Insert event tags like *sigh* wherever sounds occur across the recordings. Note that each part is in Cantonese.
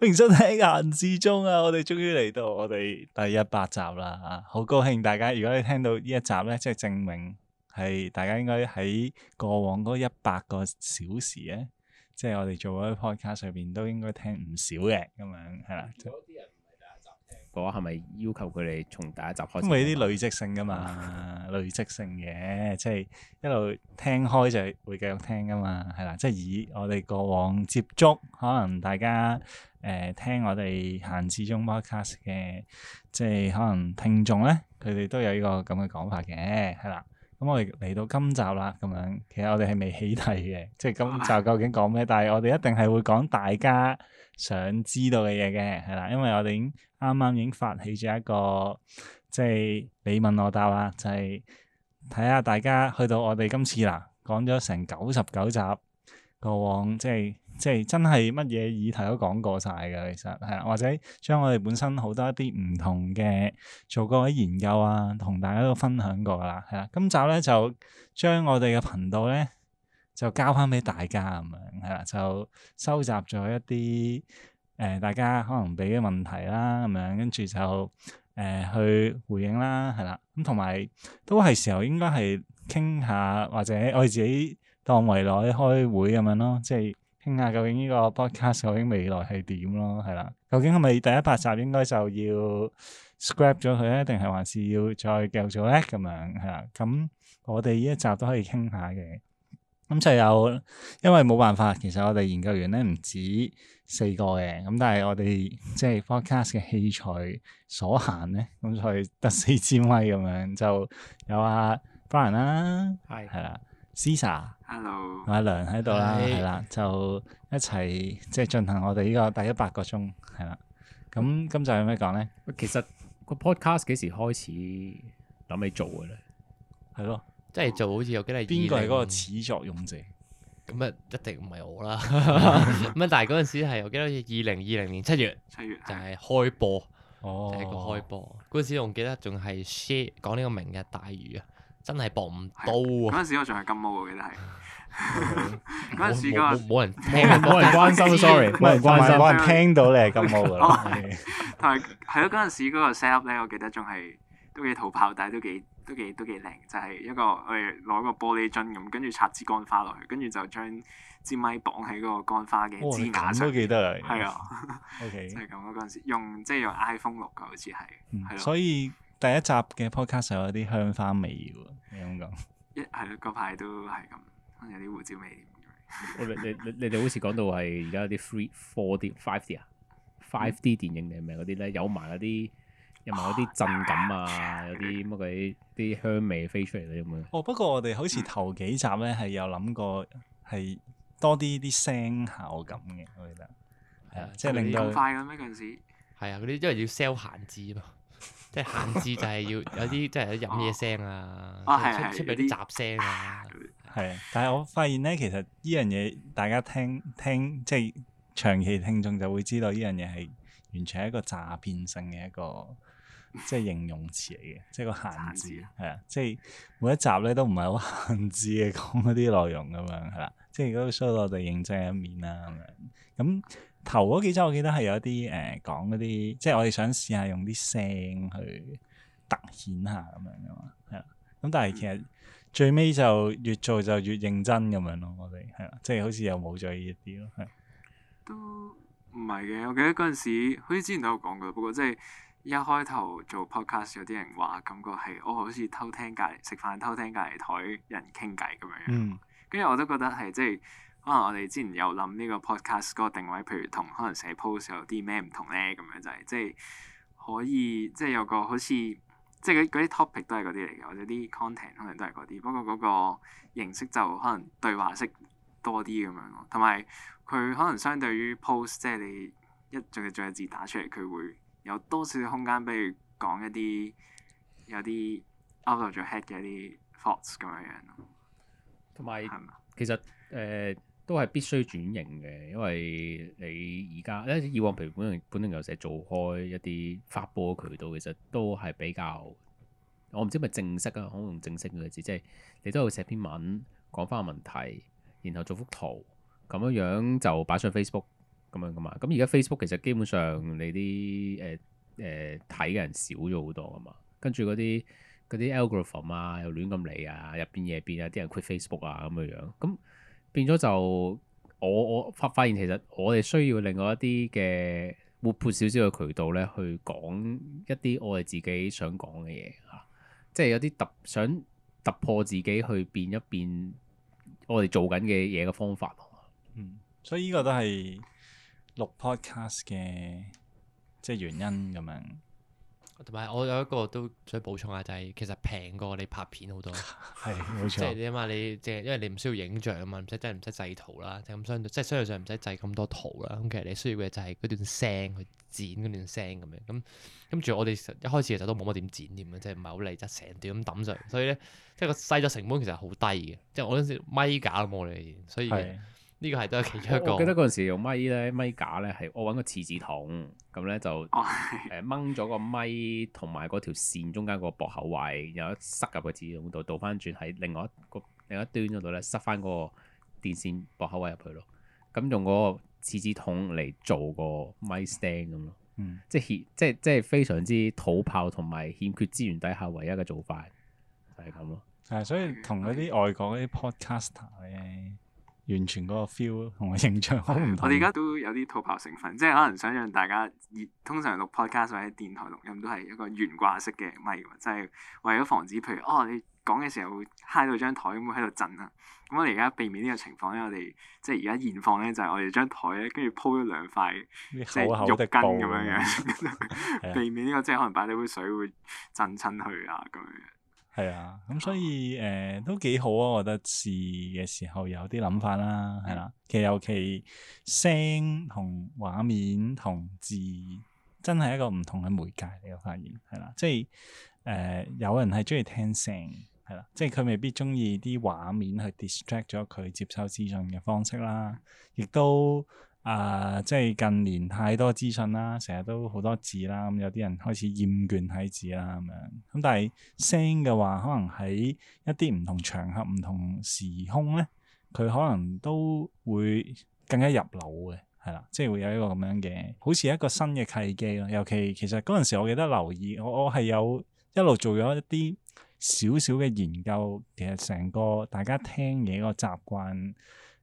歡迎收聽閒置中啊！我哋終於嚟到我哋第一百集啦，吓好高興大家！如果你聽到呢一集咧，即係證明係大家應該喺過往嗰一百個小時咧，即係我哋做嗰啲 Podcast 上邊都應該聽唔少嘅，咁樣係啦。有啲人唔係第一集聽，我係咪要求佢哋從第一集開始？因為呢啲累積性噶嘛， *laughs* 累積性嘅，即係一路聽開就係會繼續聽噶嘛，係啦，即係以我哋過往接觸，可能大家。誒、呃、聽我哋閒置中 p 卡嘅，即係可能聽眾咧，佢哋都有依個咁嘅講法嘅，係啦。咁我哋嚟到今集啦，咁樣其實我哋係未起題嘅，即係今集究竟講咩？但係我哋一定係會講大家想知道嘅嘢嘅，係啦。因為我哋已經啱啱已經發起咗一個，即係你問我答啦，就係睇下大家去到我哋今次啦，講咗成九十九集，過往即係。即係真係乜嘢議題都講過晒㗎，其實係啊，或者將我哋本身好多一啲唔同嘅做過嘅研究啊，同大家都分享過㗎啦，係啦。今集咧就將我哋嘅頻道咧就交翻俾大家咁樣，係啦，就收集咗一啲誒、呃、大家可能俾嘅問題啦，咁樣跟住就誒、呃、去回應啦，係啦。咁同埋都係時候應該係傾下，或者我哋自己當圍內開會咁樣咯，即係。究竟呢個 podcast 究竟未來係點咯？係啦，究竟係咪第一百集應該就要 scrap 咗佢咧，定係還是要再繼續做咗咧？咁樣係啦。咁我哋呢一集都可以傾下嘅。咁就有，因為冇辦法，其實我哋研究員咧唔止四個嘅。咁但係我哋即係、就是、podcast 嘅器材所限咧，咁就以得四支咪咁樣，就有啊 Brian 啦、啊，係係啦。Caesar, hello 阿涼喺度啦，係啦 Hello.，就一齊即係進行我哋呢個第一百個鐘，係啦。咁今集有咩講咧？其實個 podcast 幾時開始諗起做嘅咧？係咯，即係做好似有幾多？邊個係嗰個始作俑者？咁啊，一定唔係我啦。咁啊，但係嗰陣時係有幾耐，好似二零二零年七月，七月就係開播。哦，就係個開播嗰陣時，我記得仲係 share 講呢個明日大嶼啊。真係搏唔到啊！嗰時我仲係金毛，我記得係。嗰陣時嗰個冇人冇人冇人關心，sorry，冇人關心，冇人聽到你係金毛嘅。同埋係咯，嗰陣時嗰個 set up 咧，我記得仲係都幾淘炮，但係都幾都幾都幾靚，就係一個我攞個玻璃樽咁，跟住插支乾花落去，跟住就將支咪綁喺嗰個乾花嘅枝芽上。應該記得啦。係啊。O K。即係咁嗰陣時用即係用 iPhone 錄嘅，好似係。係咯。所以。第一集嘅 podcast 有啲香花味喎，你咁講，一係咯，嗰排都係咁，有啲胡椒味。 *laughs* 你你你哋好似講到係而家啲 three、four D five D 啊，five D 電影定係咪嗰啲咧？有埋嗰啲有埋嗰啲震感啊，有啲乜鬼啲香味飛出嚟你咁樣。 *laughs* 哦，不過我哋好似頭幾集咧係有諗過係多啲啲聲效咁嘅，我記得係啊，即係令到咁快嘅咩嗰陣時？啊， *laughs* 啲 *laughs* 因為要 sell 閒置啊嘛。即係限制就係要有啲即係有飲嘢聲、哦、出啊，出出有啲雜聲啊，係啊。但係我發現咧，其實呢樣嘢大家聽聽即係長期聽眾就會知道呢樣嘢係完全係一個詐騙性嘅一個即係形容詞嚟嘅，啊、即係個限制係啊。即係對每一集咧都唔係好限制嘅，講嗰啲內容咁樣係啦。即係如果 show 到我哋認真一面啦咁樣咁。 *laughs* *laughs* 頭嗰幾周我記得係有啲誒、呃、講嗰啲，即係我哋想試下用啲聲去突顯下咁樣噶嘛，係啊。咁但係其實最尾就越做就越認真咁樣咯，我哋係啊，即係好似又冇咗依啲咯，係。都唔係嘅，我記得嗰陣時好似之前都有講過，不過即係一開頭做 podcast 有啲人話感覺係我、哦、好似偷聽隔離食飯、偷聽隔離枱人傾偈咁樣，嗯，跟住我都覺得係即係。可能我哋之前有諗呢個 podcast 嗰個定位，譬如同可能寫 post 有啲咩唔同咧？咁樣就係即係可以，即係有個好似即係嗰啲 topic 都係嗰啲嚟嘅，或者啲 content 可能都係嗰啲。不過嗰個形式就可能對話式多啲咁樣咯。同埋佢可能相對於 post，即係你一逐隻逐隻字打出嚟，佢會有多少空間，比如講一啲有啲 out of the head 嘅一啲 thoughts 咁樣樣咯。同埋係咪？其實誒。都係必須轉型嘅，因為你而家咧以往，譬如本研本研有寫做開一啲發佈渠道，其實都係比較，我唔知咪正式啊，可能正式嘅字，即係你都有寫篇文講翻個問題，然後做幅圖咁樣樣就擺上 Facebook 咁樣噶嘛。咁而家 Facebook 其實基本上你啲誒誒睇嘅人少咗好多啊嘛，跟住嗰啲嗰啲 algorithm 啊又亂咁嚟啊，入邊嘢變啊，啲人 quit Facebook 啊咁樣樣咁。變咗就我我發發現其實我哋需要另外一啲嘅活潑少少嘅渠道咧，去講一啲我哋自己想講嘅嘢吓，即係有啲突想突破自己去變一變我哋做緊嘅嘢嘅方法咯。嗯，所以呢個都係錄 Podcast 嘅即係原因咁樣。同埋我有一個都想補充下，就係、是、其實平過你拍片好多，係冇 *laughs* 錯。即係你起碼你即係因為你唔需要影像啊嘛，唔使真係唔使製圖啦，就咁、是、相即係、就是、相對上唔使製咁多圖啦。咁、嗯、其實你需要嘅就係嗰段聲去剪嗰段聲咁樣。咁跟住我哋一開始其實都冇乜點剪點樣，即係唔係好理，就成、是、段咁抌上。所以咧，即係個製作成本其實好低嘅。即、就、係、是、我嗰陣時麥架都冇嚟，所以。呢個係都係其中一個。我記得嗰陣時用咪咧，咪架咧係我揾個廁紙筒，咁咧就誒掹咗個咪同埋嗰條線中間個駁口位，然後塞入個廁紙筒度，倒翻轉喺另外一個另一端嗰度咧，塞翻嗰個電線駁口位入去咯。咁用嗰個廁紙筒嚟做個咪 stand 咁咯。嗯，即係欠，即係即係非常之土炮，同埋欠缺資源底下唯一嘅做法就係咁咯。係、嗯，嗯、所以同嗰啲外國啲 podcaster 咧。完全嗰個 feel 同我形象好唔同。我哋而家都有啲逃跑成分，即係可能想像大家，通常錄 podcast 或者電台錄音都係一個懸掛式嘅咪，就係為咗防止，譬如哦你講嘅時候會嗨到張台咁喺度震啦。咁我哋而家避免呢個情況咧，我哋即係而家現放咧就係、是、我哋張台咧，跟住鋪咗兩塊即係浴巾咁樣樣，樣樣是的 *laughs* 避免呢、這個即係可能擺咗杯水會震親佢啊咁樣樣。係啊，咁所以誒、呃、都幾好啊！我覺得試嘅時候有啲諗法啦，係啦、啊。其實尤其聲同畫面同字真係一個唔同嘅媒介，你有發現係啦、啊呃啊？即係誒有人係中意聽聲係啦，即係佢未必中意啲畫面去 distract 咗佢接收資訊嘅方式啦，亦都。啊、呃，即係近年太多資訊啦，成日都好多字啦，咁、嗯、有啲人開始厭倦喺字啦，咁、嗯、樣。咁但係聲嘅話，可能喺一啲唔同場合、唔同時空咧，佢可能都會更加入流嘅入腦，係啦，即係會有一個咁樣嘅，好似一個新嘅契機咯。尤其其實嗰陣時，我記得留意，我我係有一路做咗一啲少少嘅研究，其實成個大家聽嘢個習慣。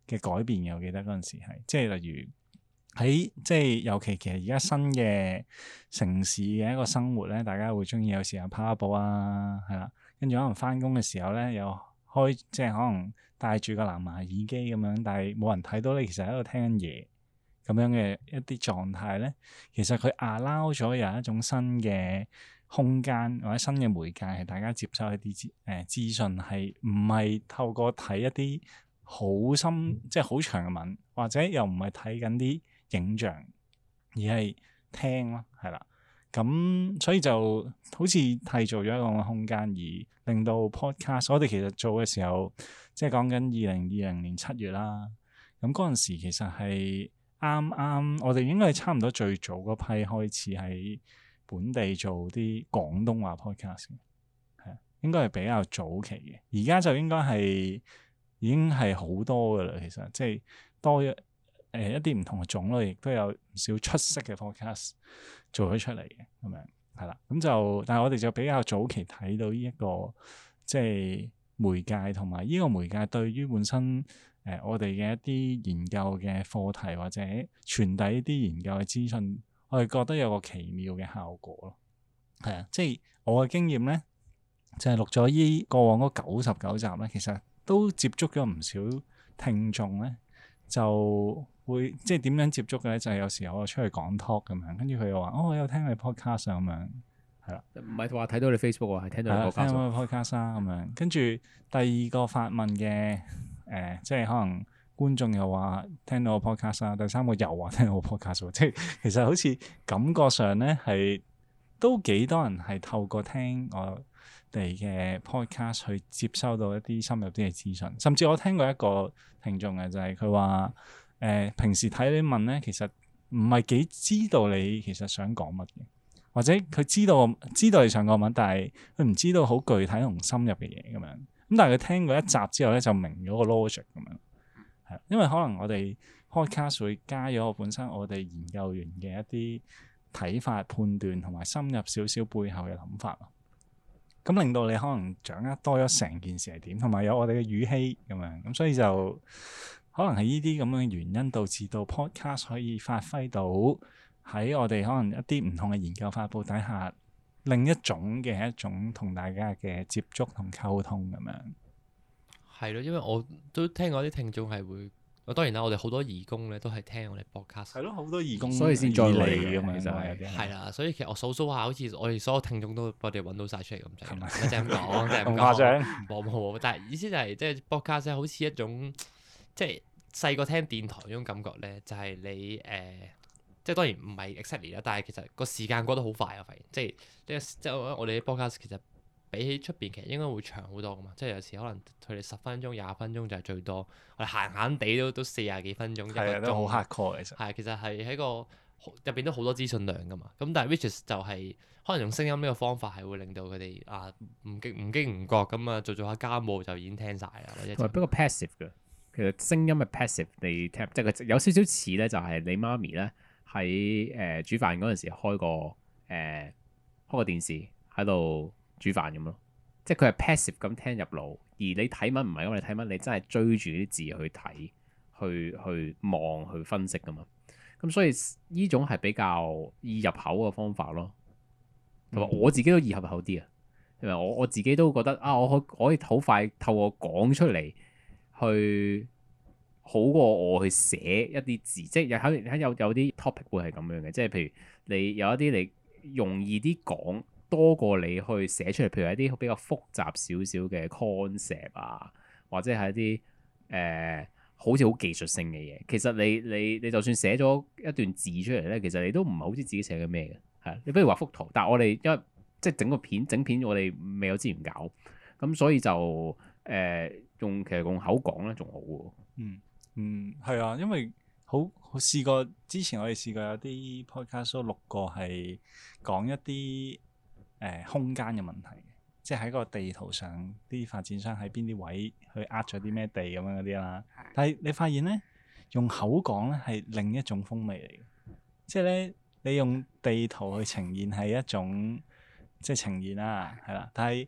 嘅改變嘅，我記得嗰陣時係，即係例如喺、欸、即係，尤其其實而家新嘅城市嘅一個生活咧，大家會鍾意有時候跑下步啊，係啦，跟住可能返工嘅時候咧，又開即係可能帶住個藍牙耳機咁樣，但係冇人睇到你其，其實喺度聽緊嘢咁樣嘅一啲狀態咧，其實佢 allow 咗有一種新嘅空間或者新嘅媒介，係大家接收一啲誒資訊，係唔係透過睇一啲好深即係好長嘅文，或者又唔係睇緊啲影像，而係聽咯，係啦。咁所以就好似締造咗一個空間，而令到 podcast，我哋其實做嘅時候，即係講緊二零二零年七月啦。咁嗰陣時其實係啱啱，我哋應該係差唔多最早嗰批開始喺本地做啲廣東話 podcast，係應該係比較早期嘅。而家就應該係。已經係好多㗎喇，其實即係多、呃、一誒一啲唔同嘅種類，亦都有唔少出色嘅 podcast 做咗出嚟嘅咁樣，係啦。咁就但係我哋就比較早期睇到呢、這、一個即係媒介，同埋呢個媒介對於本身誒、呃、我哋嘅一啲研究嘅課題或者傳遞一啲研究嘅資訊，我哋覺得有個奇妙嘅效果咯。係啊，即係我嘅經驗咧，就係、是、錄咗依過往嗰九十九集咧，其實。都接觸咗唔少聽眾咧，就會即係點樣接觸嘅咧？就係有時候我出去講 talk 咁樣，跟住佢又話：哦，我有聽你 podcast 咁樣，係啦，唔係話睇到你 Facebook 喎，係聽到你 podcast 咁樣。跟住第二個發問嘅誒，即係可能觀眾又話聽到我 podcast 啊，第三個又話聽到我 podcast 喎。即係其實好似感覺上咧係都幾多人係透過聽我。你嘅 podcast 去接收到一啲深入啲嘅資訊，甚至我聽過一個聽眾嘅就係佢話，誒、呃、平時睇你問咧，其實唔係幾知道你其實想講乜嘢，或者佢知道知道你想講乜，但係佢唔知道好具體同深入嘅嘢咁樣，咁但係佢聽過一集之後咧，就明咗個 logic 咁樣，係因為可能我哋 podcast 會加咗我本身我哋研究員嘅一啲睇法、判斷同埋深入少少背後嘅諗法。咁令到你可能掌握多咗成件事係點，同埋有我哋嘅語氣咁樣，咁所以就可能係呢啲咁嘅原因導致到 podcast 可以發揮到喺我哋可能一啲唔同嘅研究發布底下另一種嘅一種同大家嘅接觸同溝通咁樣。係咯，因為我都聽過啲聽眾係會。我當然啦，我哋好多義工咧都係聽我哋播卡聲。係咯，好多義工，所以先再嚟嘅嘛，其實係。係啦為，所以其實我數數下，好似我哋所有聽眾都我哋揾到晒出嚟咁 *laughs* 就咁誇張？冇冇 *laughs* 但係意思就係即係播卡聲，好似一種即係細個聽電台嗰種感覺咧，就係、是、你誒、呃，即係當然唔係 exactly 啦，但係其實個時間過得好快啊，我發現即係即係我哋啲播卡聲其實。比起出邊，其實應該會長好多噶嘛。即係有時可能佢哋十分鐘、廿分鐘就係最多，我哋閒閒地都都四廿幾分鐘的一個鐘，好嚇 call 其實係其實係喺個入邊都好多資訊量噶嘛。咁但係 Wishes 就係、是、可能用聲音呢個方法係會令到佢哋啊唔經唔經唔覺咁啊，做做下家務就已經聽曬啦。不過 passive 嘅其實聲音係 passive，你聽即係有少少似咧，就係你媽咪咧喺誒煮飯嗰陣時開個誒、呃、開個電視喺度。煮飯咁咯，即係佢係 passive 咁聽入腦，而你睇文唔係，因為你睇文你真係追住啲字去睇、去去望、去分析噶嘛。咁所以呢種係比較易入口嘅方法咯，同埋我自己都易入口啲啊，係咪我我自己都覺得啊，我可以我可以好快透過講出嚟，去好過我去寫一啲字。即係有可喺有有啲 topic 會係咁樣嘅，即係譬如你有一啲你容易啲講。多過你去寫出嚟，譬如一啲比較複雜少少嘅 concept 啊，或者係一啲誒、呃，好似好技術性嘅嘢，其實你你你就算寫咗一段字出嚟咧，其實你都唔係好知自己寫緊咩嘅。係，你不如畫幅圖。但係我哋因為即係整個片整個片，我哋未有資源搞，咁所以就誒、呃、用其實用口講咧仲好。嗯嗯，係、嗯、啊、嗯，因為好好試過之前我哋試過有啲 podcast，錄過係講一啲。誒、呃、空間嘅問題，即係喺個地圖上啲發展商喺邊啲位去呃咗啲咩地咁樣嗰啲啦。是的 但係你發現咧，用口講咧係另一種風味嚟嘅，即係咧你，你用地圖去呈現係一種即係呈現啦、啊，係啦是的。但係誒、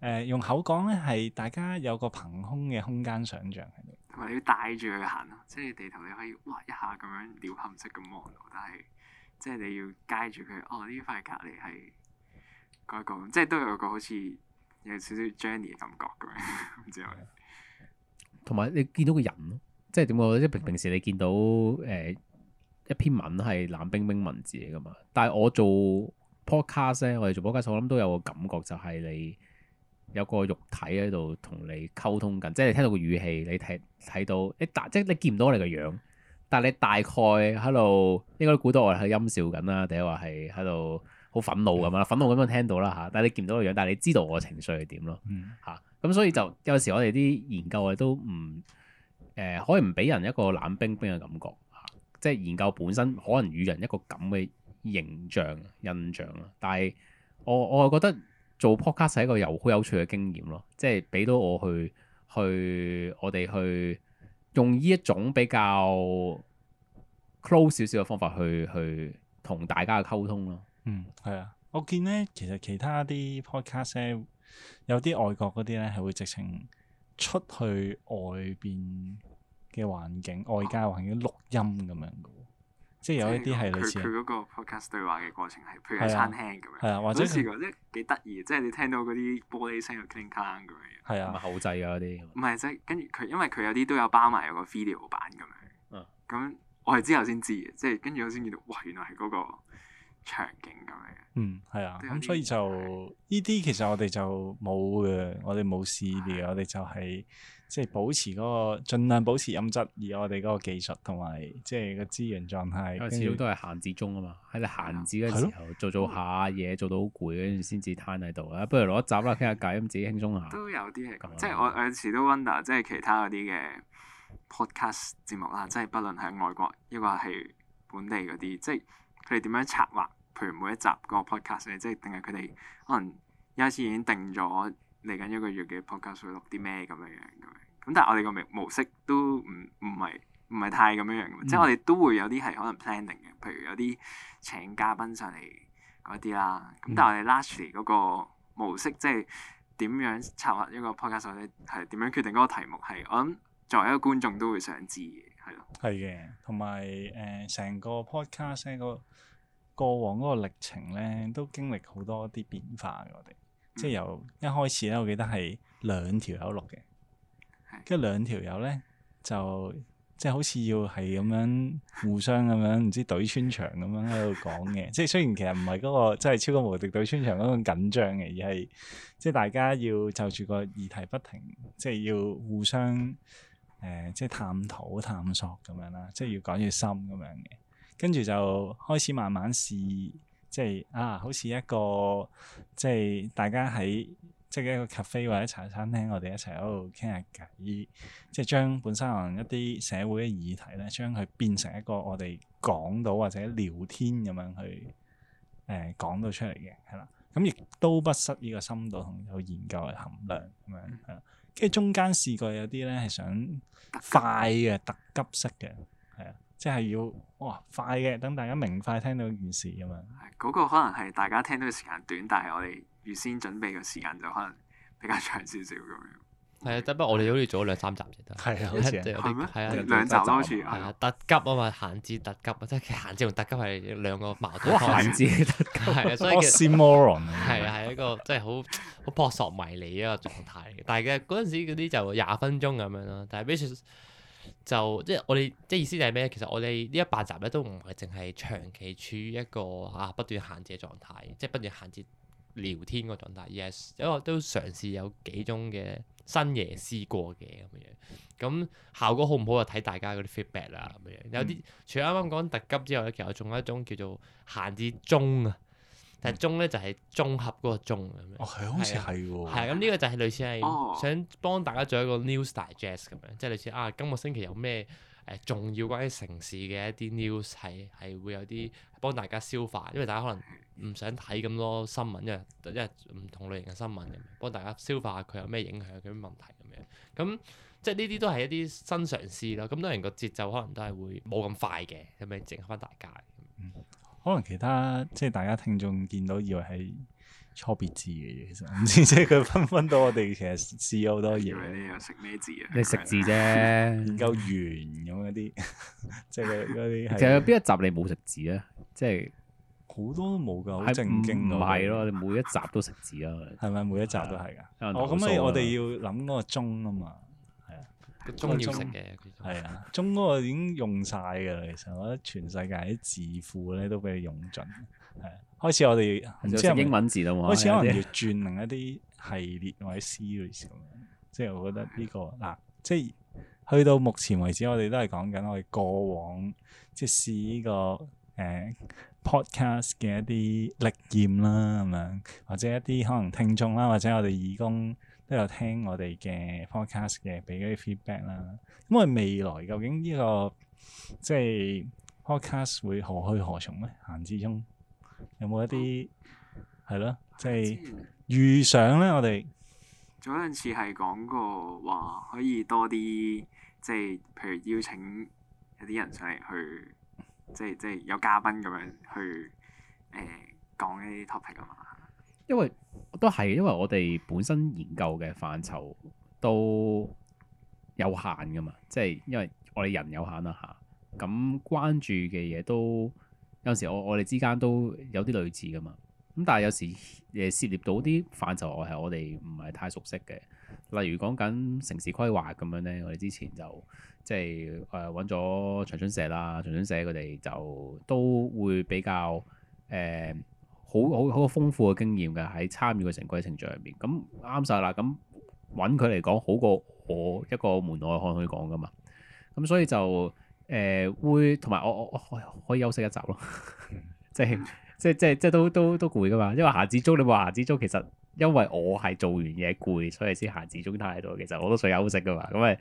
呃、用口講咧係大家有個憑空嘅空間想像喺度，同埋你要帶住佢行咯。即係地圖你可以哇一下咁樣鳥瞰式咁望，但係即係你要介住佢哦呢塊隔離係。即係都有個好似有少少 journey 嘅感覺咁樣，唔知喎。同埋你見到個人咯，即係點講？即係平 *laughs* 道平時你見到誒、呃、一篇文係冷冰冰文字嚟㗎嘛？但係我做 podcast 咧，我哋做 podcast，我諗都有個感覺，就係你有個肉體喺度同你溝通緊，即係你聽到個語氣，你睇睇到你即係你見唔到我哋個樣，但係你大概喺度應該估到我哋係陰笑緊啦，定係話係喺度。好憤怒咁樣啦，憤怒咁樣聽到啦嚇，但係你見唔到個樣，但係你知道我嘅情緒係點咯嚇，咁、嗯啊、所以就有時我哋啲研究啊都唔誒、呃，可以唔俾人一個冷冰冰嘅感覺嚇、啊，即係研究本身可能與人一個咁嘅形象印象啦。但係我我係覺得做 Podcast 係一個又好有，有趣嘅經驗咯、啊，即係俾到我去去我哋去用呢一種比較 close 少少嘅方法去去同大家嘅溝通咯。啊嗯，係啊，我見咧，其實其他啲 podcast 有啲外國嗰啲咧，係會直情出去外邊嘅環境，外家環境錄音咁樣嘅，即係有一啲係類似佢嗰個 podcast 對話嘅過程係，譬如喺餐廳咁樣，係啊，或者幾得意，即係你聽到嗰啲玻璃聲嘅 clink clank 咁樣，係啊，咪後製嗰啲，唔係即係跟住佢，因為佢有啲都有包埋有個 video 版咁樣，嗯，咁我係之後先知嘅，即係跟住我先見到，哇，原來係嗰、嗰個。場景咁樣，嗯，係啊，咁、就是、所以就呢啲 *laughs* 其實我哋就冇嘅，我哋冇試嘅， *laughs* 我哋就係即係保持嗰、那個，盡量保持音質，而我哋嗰個技術同埋即係個資源狀態，始終都係閒置中啊嘛。喺度、啊、閒置嘅時候、啊、做做下嘢，做到好攰嗰陣先至攤喺度啊。不如攞一集啦，傾下偈，咁自己輕鬆下都有啲係咁，即係我我有時都 wonder 即係其他嗰啲嘅 podcast 節目啦，即係不論係外國抑或係本地嗰啲，即係佢哋點樣策劃。譬如每一集個 podcast 咧，即係定係佢哋可能有一開始已經定咗嚟緊一個月嘅 podcast 會錄啲咩咁樣樣咁。咁但係我哋個模式都唔唔係唔係太咁樣樣、嗯、即係我哋都會有啲係可能 planning 嘅。譬如有啲請嘉賓上嚟嗰啲啦。咁但係我哋 lastly 嗰個模式即係點樣策劃一個 podcast 咧？係點樣決定嗰個題目係？我諗作為一個觀眾都會想知嘅，係咯。係嘅，同埋誒成個 podcast 嗰。過往嗰個歷程咧，都經歷好多啲變化嘅我哋，即係由一開始咧，我記得係兩條友錄嘅，跟住兩條友咧就即係好似要係咁樣互相咁樣，唔知隊穿牆咁樣喺度講嘅。即係雖然其實唔係嗰個，真係超級無敵隊穿牆嗰種緊張嘅，而係即係大家要就住個議題不停，即係要互相誒、呃、即係探討探索咁樣啦，即係要講要深咁樣嘅。跟住就開始慢慢試，即係啊，好似一個即係大家喺即係一個 cafe 或者茶餐廳，我哋一齊喺度傾下偈，即係將本身可能一啲社會嘅議題咧，將佢變成一個我哋講到或者聊天咁樣去誒講、呃、到出嚟嘅，係啦。咁亦都不失呢個深度同有研究嘅含量咁樣，係啦。跟住中間試過有啲咧係想快嘅特急式嘅。即係要哇快嘅，等大家明快聽到件事咁樣。係嗰個可能係大家聽到嘅時間短，但係我哋預先準備嘅時間就可能比較長少少咁樣。係啊，得 *noise* 不過我哋好似做咗兩三集先得。係啊，好似係啊，兩集多似。係啊，特 *noise* 急啊嘛，閒置特急啊，即係其實閒置同特急係兩個矛盾。哇！閒置特急，係啊， *noise* *laughs* *laughs* *noise* 所以其實係啊係一個即係好好撲朔迷離一個狀態嚟嘅。但係嘅嗰陣時嗰啲就廿分鐘咁樣咯，但係比如。就即係我哋即係意思就係咩，其實我哋呢一百集咧都唔係淨係長期處於一個啊不斷閒置嘅狀態，即係不斷閒置聊天個狀態，而係因為都嘗試有幾種嘅新嘢試過嘅咁樣。咁效果好唔好就睇大家嗰啲 feedback 啦咁樣。有啲、嗯、除咗啱啱講特急之外咧，其實仲有一種叫做閒置中。啊。但係綜咧就係、是、綜合嗰個綜咁樣，係啊、哦，的好似係喎。咁呢個就係類似係想幫大家做一個 news digest 咁樣，即係類似啊，今個星期有咩誒、呃、重要關於城市嘅一啲 news 係係會有啲幫大家消化，因為大家可能唔想睇咁多新聞，因為因為唔同類型嘅新聞，幫大家消化下佢有咩影響、有咩問題咁樣。咁即係呢啲都係一啲新嘗試囉。咁當然個節奏可能都係會冇咁快嘅，咁樣整翻大家。可能其他即係大家聽眾見到以為係錯別字嘅嘢，其實唔知即係佢分分到我哋其實試有好多嘢。食咩字啊？你食字啫，夠圓咁一啲，即係嗰啲。其實有邊一集你冇食字啊？即係好多都冇噶，好正經嘅。唔係咯，你每一集都食字啦。係咪每一集都係噶？的哦，咁所以我哋要諗嗰個鐘啊嘛。中中嘅，食嘅中，係啊的，中嗰個已經用晒噶啦。 *laughs* 其實我覺得全世界啲字庫咧都俾你用盡。係啊，開始我哋即係英文字都冇。開始可能哋轉另一啲系列或者 series 咁樣。即係 *laughs* 我覺得呢、這個嗱，即係、就是、去到目前為止，我哋都係講緊我哋過往即係、就是、試呢個誒 podcast 嘅一啲歷驗啦咁樣，或者一啲可能聽眾啦，或者我哋義工。都有聽我哋嘅 podcast 嘅，俾嗰啲 feedback 啦。咁我哋未來究竟呢、呢個即係 podcast 會何去何從咧？閒置中有冇一啲係咯，即係預想咧？我哋早陣時係講過話，可以多啲即係譬如邀請一啲人上嚟去，即係即係有嘉賓咁樣去誒、呃、講呢啲 topic 啊嘛。因為都係，因為我哋本身研究嘅範疇都有限㗎嘛，即係因為我哋人有限啊嚇，咁關注嘅嘢都有時我我哋之間都有啲類似㗎嘛，咁但係有時誒涉獵到啲範疇我係我哋唔係太熟悉嘅，例如講緊城市規劃咁樣咧，我哋之前就即係誒搵咗長春社啦，長春社佢哋就都會比較誒。呃好好好豐富嘅經驗嘅喺參與嘅成個程序入邊，咁啱晒啦，咁揾佢嚟講好過我一個門外漢去講噶嘛，咁所以就誒、呃、會同埋我我我，我可以休息一集咯， *laughs* 即係即係即係即係都都都攰噶嘛，因為閒置中，你話閒置中，其實因為我係做完嘢攰，所以先閒置中態度，其實我都想休息噶嘛，咁咪。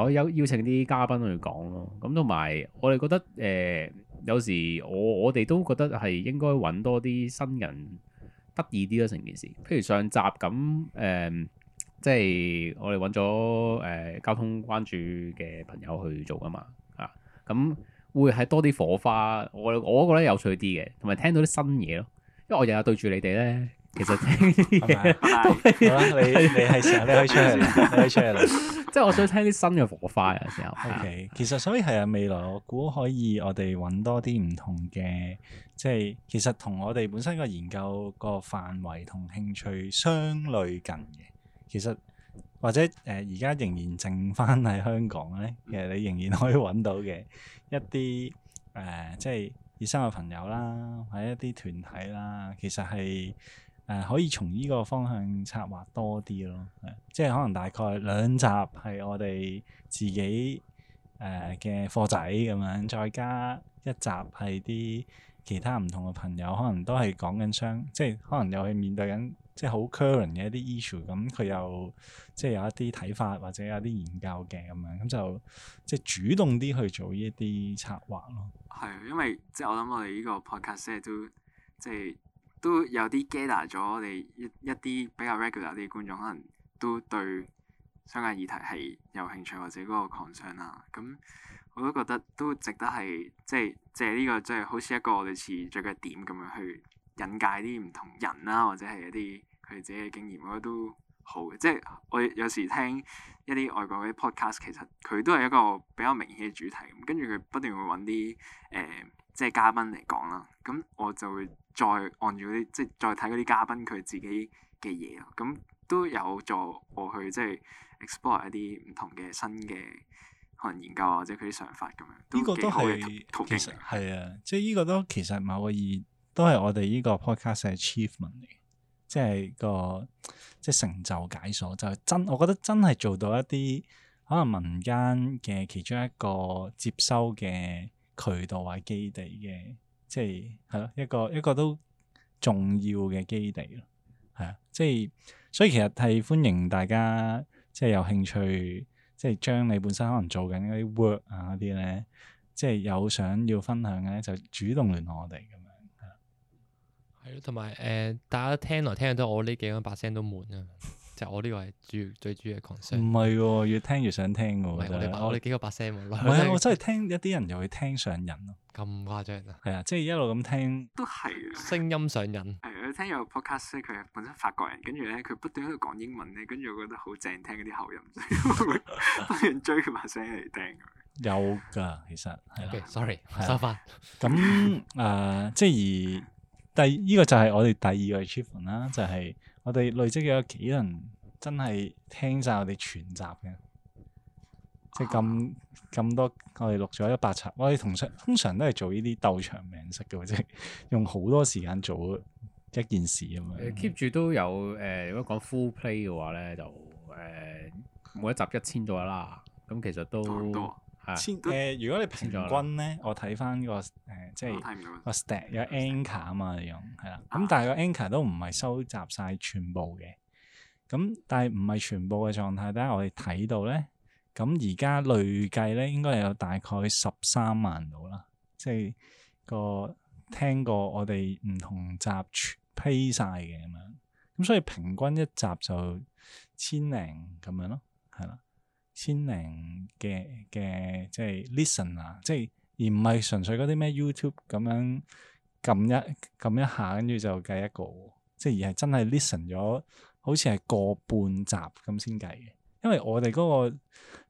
我有邀請啲嘉賓去講咯，咁同埋我哋覺得，誒、呃、有時我我哋都覺得係應該揾多啲新人得意啲咯成件事，譬如上集咁，誒、呃、即係我哋揾咗誒交通關注嘅朋友去做㗎嘛，啊咁、嗯、會係多啲火花，我我覺得有趣啲嘅，同埋聽到啲新嘢咯，因為我日日對住你哋咧。其實聽啲嘢， *laughs* *laughs* 好啦，你你係時候你可以出去啦， *laughs* 你可以出去啦。即係我想聽啲新嘅火花嘅時候。O K，其實所以係啊，未來我估可以，我哋揾多啲唔同嘅，即係其實同我哋本身個研究個範圍同興趣相類近嘅。其實或者誒，而家仍然剩翻喺香港咧，其實你仍然可以揾到嘅一啲誒、呃，即係醫生嘅朋友啦，或者一啲團體啦，其實係。誒、呃、可以從呢個方向策劃多啲咯，嗯、即係可能大概兩集係我哋自己誒嘅、呃、課仔咁樣，再加一集係啲其他唔同嘅朋友，可能都係講緊相，即係可能又係面對緊即係好 current 嘅一啲 issue，咁、嗯、佢又即係有一啲睇法或者有啲研究嘅咁樣，咁、嗯、就即係主動啲去做呢一啲策劃咯。係，因為即係我諗我哋呢個 podcast 都即係。都有啲 gather 咗，我哋一一啲比較 regular 啲嘅觀眾，可能都對相關議題係有興趣，或者嗰個 concern 啦。咁我都覺得都值得係即係、這個、即呢個即係好似一個類似聚焦點咁樣去引介啲唔同人啦、啊，或者係一啲佢哋自己嘅經驗，我覺得都好嘅。即係我有時聽一啲外國嗰啲 podcast，其實佢都係一個比較明顯嘅主題，跟住佢不斷會揾啲誒即係嘉賓嚟講啦。咁我就會。再按住啲，即係再睇嗰啲嘉賓佢自己嘅嘢啊，咁都有助我去即係 explore 一啲唔同嘅新嘅可能研究啊，或者佢啲想法咁樣。呢個都係，係啊，即係呢個都其實某個意義都係我哋呢個 podcast achievement 嚟嘅，即係個即係成就解鎖，就係、是、真。我覺得真係做到一啲可能民間嘅其中一個接收嘅渠道或者基地嘅。即係係咯，一個一個都重要嘅基地咯，係啊，即係所以其實係歡迎大家即係有興趣，即係將你本身可能做緊嗰啲 work 啊嗰啲咧，即係有想要分享嘅就主動聯絡我哋咁樣。係咯，同埋誒，大家聽來聽去都，我呢幾個把聲都悶啊～ *laughs* 就我呢個係主最主要嘅 concern 唔係喎，越聽越想聽喎。我哋幾個把聲喎。唔係啊，我真係聽一啲人就會聽上癮咯。咁誇張啊？係啊，即係一路咁聽。都係。聲音上癮。係啊，聽有個 podcast 佢係本身法國人，跟住咧佢不斷喺度講英文咧，跟住我覺得好正聽嗰啲口音，不斷追佢把聲嚟聽。有㗎，其實係啦。Sorry，收翻。咁啊，即係而第呢個就係我哋第二個 chief 啦，就係。我哋累積有幾人真係聽晒我哋全集嘅？即係咁咁多，我哋錄咗一百集。我哋通常通常都係做呢啲鬥長命式嘅，或者用好多時間做一件事咁樣。keep 住都有誒、呃。如果講 full play 嘅話咧，就誒、呃、每一集一千到一啦。咁其實都多誒，千呃、如果你平均咧，我睇翻個誒，即係、哦、個 stack 有 anchor 啊嘛，用係啦。咁但係個 anchor 都唔係收集晒全部嘅，咁、啊、但係唔係全部嘅狀態。等下我哋睇到咧，咁而家累計咧應該有大概十三萬度啦，即係個聽過我哋唔同集批晒嘅咁樣。咁所以平均一集就千零咁樣咯，係啦。千零嘅嘅即係 listen 啊，即係而唔係純粹嗰啲咩 YouTube 咁樣撳一撳一下，跟住就計一個，即係而係真係 listen 咗，好似係過半集咁先計嘅。因為我哋嗰個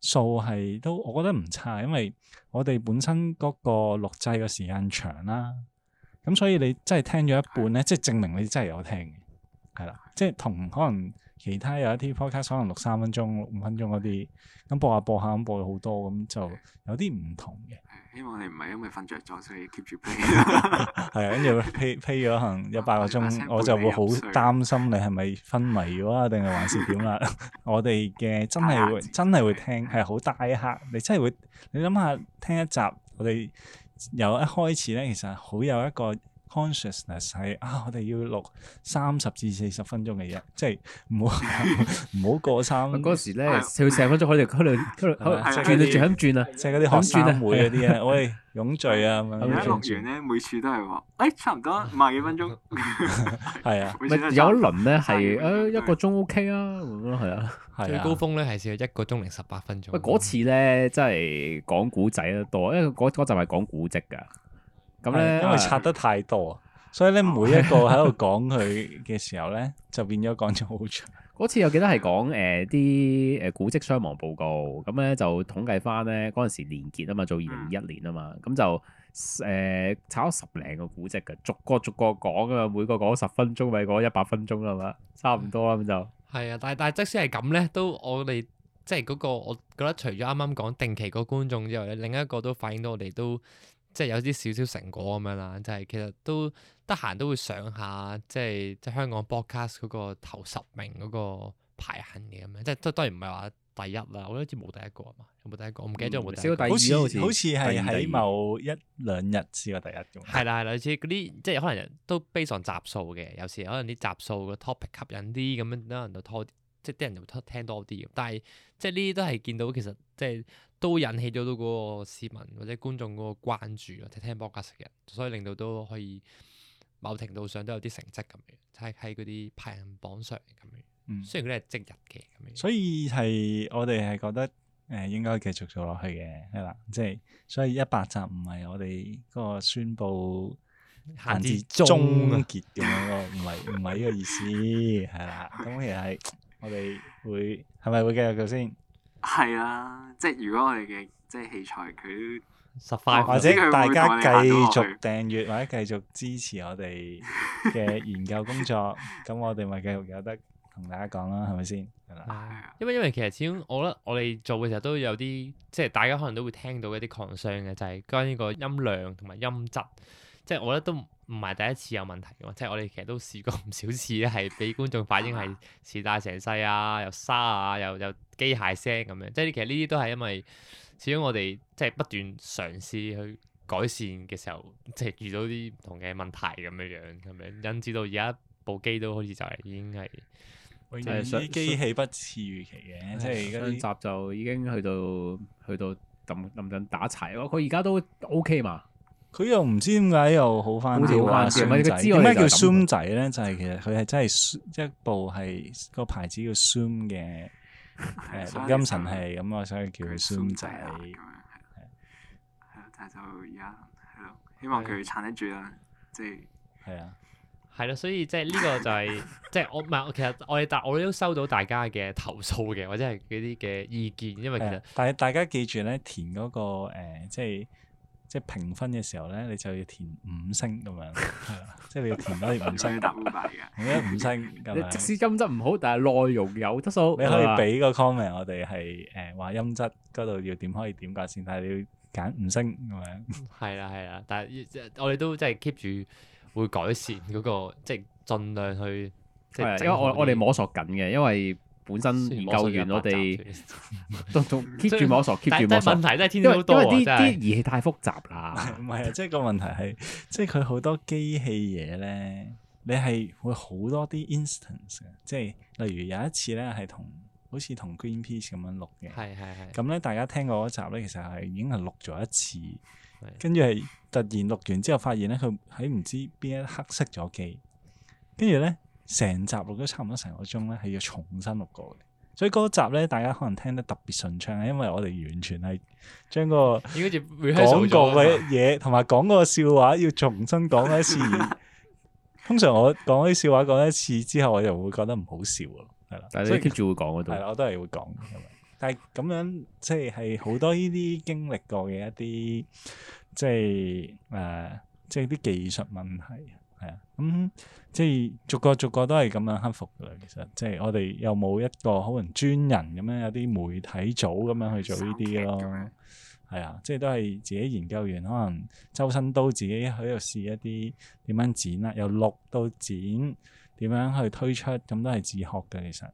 數係都，我覺得唔差，因為我哋本身嗰個錄製嘅時間長啦，咁所以你真係聽咗一半咧，係。即係證明你真係有聽嘅，係啦，即係同可能。其他有一啲 podcast 可能六三分鐘、五分鐘嗰啲，咁播下播下咁播好多，咁就有啲唔同嘅。希望你唔係因為瞓着咗所以 keep 住 play 係啊，跟住 play play 咗可能有八個鐘， *laughs* 我就會好擔心你係咪昏迷咗啊？定係還是點啦？ *laughs* *laughs* 我哋嘅真係會真係會聽，係好大一刻，你真係會你諗下聽一集，我哋由一開始咧，其實好有一個。Consciousness 係啊，我哋要錄三十至四十分鐘嘅嘢，即係唔好唔好過三。嗰 *laughs* 時咧，四十分鐘開嚟開嚟開嚟，係轉嚟轉啊，成嗰啲學生會嗰啲啊，喂 *laughs* ，湧聚啊咁樣。阿樂陽咧，每次都係話：，誒，差唔多五十幾分鐘，係啊。咪有一輪咧係誒一個鐘 OK 啊，咁咯係啊。最高峰咧係試過一個鐘零十八分鐘。喂，嗰次咧真係講古仔咧多，因為嗰嗰集係講古蹟㗎。咁咧，嗯、因為拆得太多，所以咧每一個喺度講佢嘅時候咧， *laughs* 就變咗講咗好長。嗰 *laughs* 次我記得係講誒啲誒古蹟傷亡報告，咁、嗯、咧、嗯、就統計翻咧嗰陣時年結啊嘛，做二零二一年啊嘛，咁就誒拆咗十零個古蹟嘅，逐個逐個講啊嘛，每個講十分鐘，咪講一百分鐘啦，係嘛，差唔多啦咁就。係啊，但係但係即使係咁咧，都我哋即係嗰、那個，我覺得除咗啱啱講定期個觀眾之外咧，另一個都反映到我哋都。即係有啲少少成果咁樣啦，就係其實都得閒都會上下，即係即係香港 podcast 嗰個頭十名嗰個排行嘅咁樣，即係都當然唔係話第一啦，我好似冇第一個啊嘛，有冇第一個？我唔記得咗有冇。嗯，第二個好似好似係喺某一兩日先話第一種。係啦係啦，類似嗰啲即係可能都非常集數嘅，有時可能啲集數嘅 topic 吸引啲咁樣，可能就拖即係啲人就聽多啲，但係即係呢啲都係見到其實即係。即都引起咗到嗰個市民或者觀眾嗰個關注啊，即係聽播客嘅人，所以令到都可以某程度上都有啲成績咁樣，喺喺嗰啲排行榜上咁樣。嗯，雖然佢哋係即日嘅咁、嗯、樣所、呃就是。所以係我哋係覺得誒應該繼續做落去嘅，係啦。即係所以一百集唔係我哋嗰個宣布閒置終結咁樣咯，唔係唔係呢個意思，係啦。咁其實係我哋會係咪會繼續做先？係啊，即係如果我哋嘅即係器材佢，快，survive 或者會會大家繼續訂閲或者繼續支持我哋嘅研究工作，咁 *laughs* 我哋咪繼續有得同大家講啦，係咪先？係啊，因為因為其實始終我覺得我哋做嘅時候都有啲，即係大家可能都會聽到一啲 concern 嘅，就係、是、關於個音量同埋音質。即係我覺得都唔係第一次有問題嘅嘛，即係我哋其實都試過唔少次咧，係俾觀眾反映係時大成世啊，又沙啊，又又機械聲咁樣。即係其實呢啲都係因為始終我哋即係不斷嘗試去改善嘅時候，即係遇到啲唔同嘅問題咁樣樣，咁樣引致到而家部機都好似就係已經係即係機器不似預期嘅，即係而家呢集就已經去到去到揼揼陣打柴咯。佢而家都 OK 嘛？佢又唔知點解又好翻，好翻 Zoom 仔。點解叫 Zoom 仔咧？就係其實佢係真係一部係個牌子叫 Zoom 嘅錄音神器，咁我所以叫佢 Zoom 仔。係咯，但係就而家係咯，希望佢撐得住啦。即係係啊，係咯，所以即係呢個就係即係我唔係我其實我哋但係我都收到大家嘅投訴嘅，或者係嗰啲嘅意見，因為其實但係大家記住咧，填嗰個誒即係。即係評分嘅時候咧，你就要填五星咁樣，係啦，即係你要填多啲五星，要打五星。 *laughs* 你即使音質唔好，但係內容有質素，你可以俾個 comment 吧我哋係誒話音質嗰度要點可以點改善，但係你要揀五星咁樣。係啦係啦，但係、啊 *laughs* 啊、我哋都即係 keep 住會改善嗰個，即係盡量去。係啊，因為我我哋摸索緊嘅，因為。本身研究完我哋們集 *laughs* 都都 keep 住摸索，keep 住摸索。但問題真係因為好多啲啲儀器太複雜啦。唔係啊，即係 *laughs* 個問題係，即係佢好多機器嘢咧，你係會好多啲 instance 嘅。即係例如有一次咧，係同好似同 Greenpeace 咁樣錄嘅。係係係。咁咧，大家聽過嗰集咧，其實係已經係錄咗一次，跟住係突然錄完之後，發現咧佢喺唔知邊一刻熄咗機，跟住咧。成集錄都差唔多成個鐘咧，係要重新錄過嘅，所以嗰集咧，大家可能聽得特別順暢，係因為我哋完全係將個講過嘅嘢，同埋講嗰個笑話要重新講一次。 *laughs* 通常我講啲笑話講一次之後，我就會覺得唔好笑咯，係啦。但係你 keep 住會講嘅都係啦，我都係會講嘅。但係咁樣即係係好多呢啲經歷過嘅一啲，即係誒，即係啲、呃、技術問題。咁、嗯、即係逐個逐個都係咁樣克服噶啦。其實即係我哋又冇一個可能專人咁樣，有啲媒體組咁樣去做呢啲咯。係啊，即係都係自己研究完，可能周身都自己喺度試一啲點樣剪啊，由錄到剪，點樣去推出，咁都係自學嘅。其實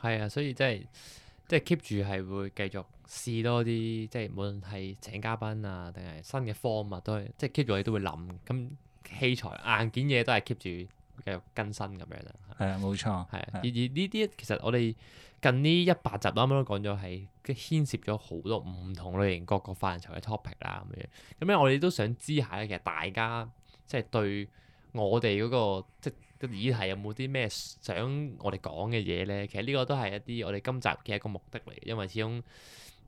係啊，所以即係即係 keep 住係會繼續試多啲，即係無論係請嘉賓啊，定係新嘅科目都係，即係 keep 住你都會諗咁。器材、硬件嘢都係 keep 住繼續更新咁、嗯、樣啦。係啊錯，冇錯是。係啊，而呢啲其實我哋近呢一百集啱啱都講咗係牽涉咗好多唔同類型、各個範疇嘅 topic 啦咁樣。咁咧我哋都想知下咧，其實大家即係對我哋嗰、個即係議題有冇啲咩想我哋講嘅嘢咧？其實呢個都係一啲我哋今集嘅一個目的嚟，嘅，因為始終。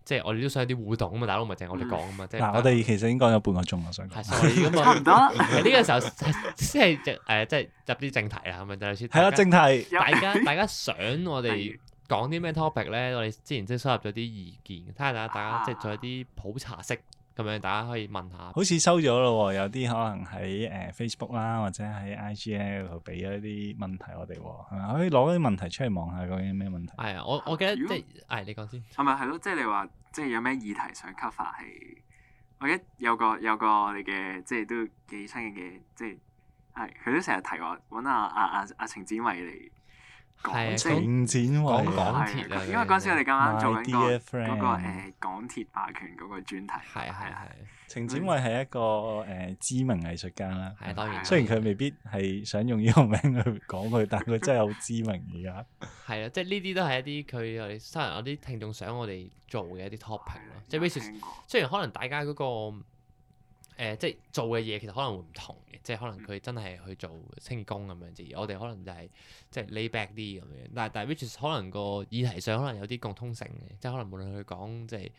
即係我哋都想有啲互動啊嘛，大佬唔係淨係我哋講啊嘛，即係我哋其實已經講咗半個鐘啦，嗯、我想講。係，所以咁啊。差唔多。係呢個時候， *laughs* 即係誒、呃，即係入啲正題啦，係咪？ *laughs* 就係先。係咯，正題。大家大家想我哋講啲咩 topic 咧？ *laughs* 我哋之前即係收入咗啲意見，睇下大家大家、啊、即係做一啲普查式。咁樣大家可以問下，好似收咗咯喎，有啲可能喺誒 Facebook 啦，或者喺 IG l 度俾咗啲問題我哋，可以攞啲問題出嚟望下究竟咩問題。係啊、哎，我我記得即係，誒、哎、你講先。係咪係咯？即係你話，即係有咩議題想 cover 係？我記得有個有個我哋嘅，即係都幾新嘅，即係係佢都成日提我揾阿阿阿阿程展偉嚟。係，程展緯港鐵咧，因為嗰時我哋啱啱做緊嗰個誒港鐵霸權嗰個專題。係啊係啊係，程展緯係一個誒知名藝術家啦。係當然，雖然佢未必係想用呢個名去講佢，但佢真係好知名而家。係啊，即係呢啲都係一啲佢，哋雖人，有啲聽眾想我哋做嘅一啲 topic 咯。即係，雖然可能大家嗰個。誒、呃、即係做嘅嘢其實可能會唔同嘅，即係可能佢真係去做清潔工咁樣啫，嗯、我哋可能就係、是、即係 layback 啲咁樣。但係但係 which 可能個議題上可能有啲共通性嘅，即係可能無論佢講即係